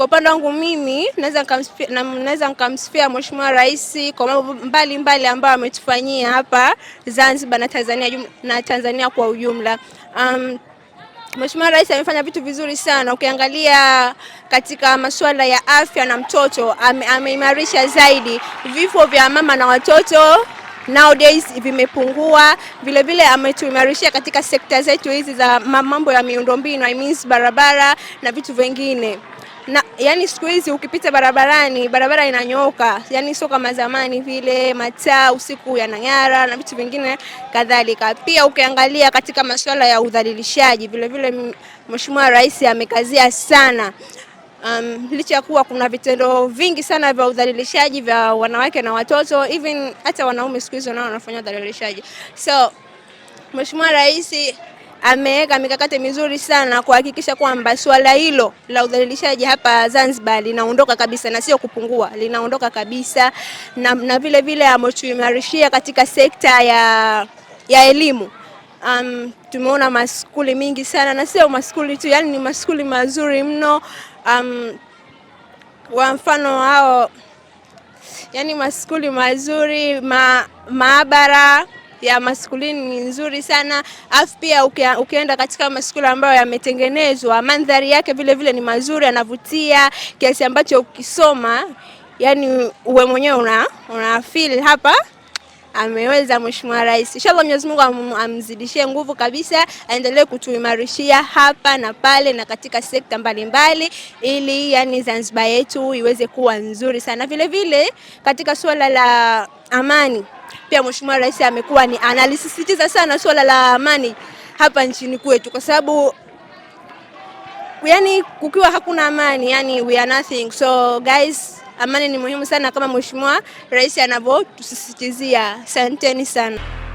Kwa upande wangu mimi naweza nikamsifia Mheshimiwa Rais kwa mambo mbalimbali ambayo ametufanyia hapa Zanzibar na Tanzania, na Tanzania kwa ujumla. Um, Mheshimiwa Rais amefanya vitu vizuri sana. Ukiangalia katika masuala ya afya na mtoto ame, ameimarisha zaidi. Vifo vya mama na watoto nowadays vimepungua. Vilevile ametuimarishia katika sekta zetu hizi za mambo ya miundombinu, I means barabara na vitu vingine na yani, siku hizi ukipita barabarani, barabara inanyooka, yani sio kama zamani vile, mataa usiku yanang'ara na vitu vingine kadhalika. Pia ukiangalia katika masuala ya udhalilishaji, vilevile Mheshimiwa Rais amekazia sana Um, licha ya kuwa kuna vitendo vingi sana vya udhalilishaji vya wanawake na watoto, even hata wanaume siku hizi nao wanafanya udhalilishaji. So Mheshimiwa Rais ameweka mikakati mizuri sana kuhakikisha kwamba swala hilo la udhalilishaji hapa Zanzibar linaondoka kabisa na sio kupungua, linaondoka kabisa na, na vile vile ametuimarishia katika sekta ya, ya elimu. Um, tumeona maskuli mingi sana na sio maskuli tu, yani ni maskuli mazuri mno um, kwa mfano hao, yani maskuli mazuri ma, maabara ya maskulini ni nzuri sana, afu pia ukienda katika maskuli ambayo yametengenezwa, mandhari yake vile vile ni mazuri, yanavutia kiasi ambacho ukisoma, yani uwe mwenyewe una, una feel hapa ameweza Mheshimiwa Rais. Inshallah Mwenyezi Mungu am, amzidishie nguvu kabisa, aendelee kutuimarishia hapa na pale na katika sekta mbalimbali mbali, ili yani Zanzibar yetu iweze kuwa nzuri sana. Vile vile katika suala la amani pia Mheshimiwa Rais amekuwa ni analisisitiza sana suala la amani hapa nchini kwetu kwa sababu yani kukiwa hakuna amani yani we are nothing. So guys amani ni muhimu sana kama mheshimiwa rais anavyotusisitizia. Asanteni sana.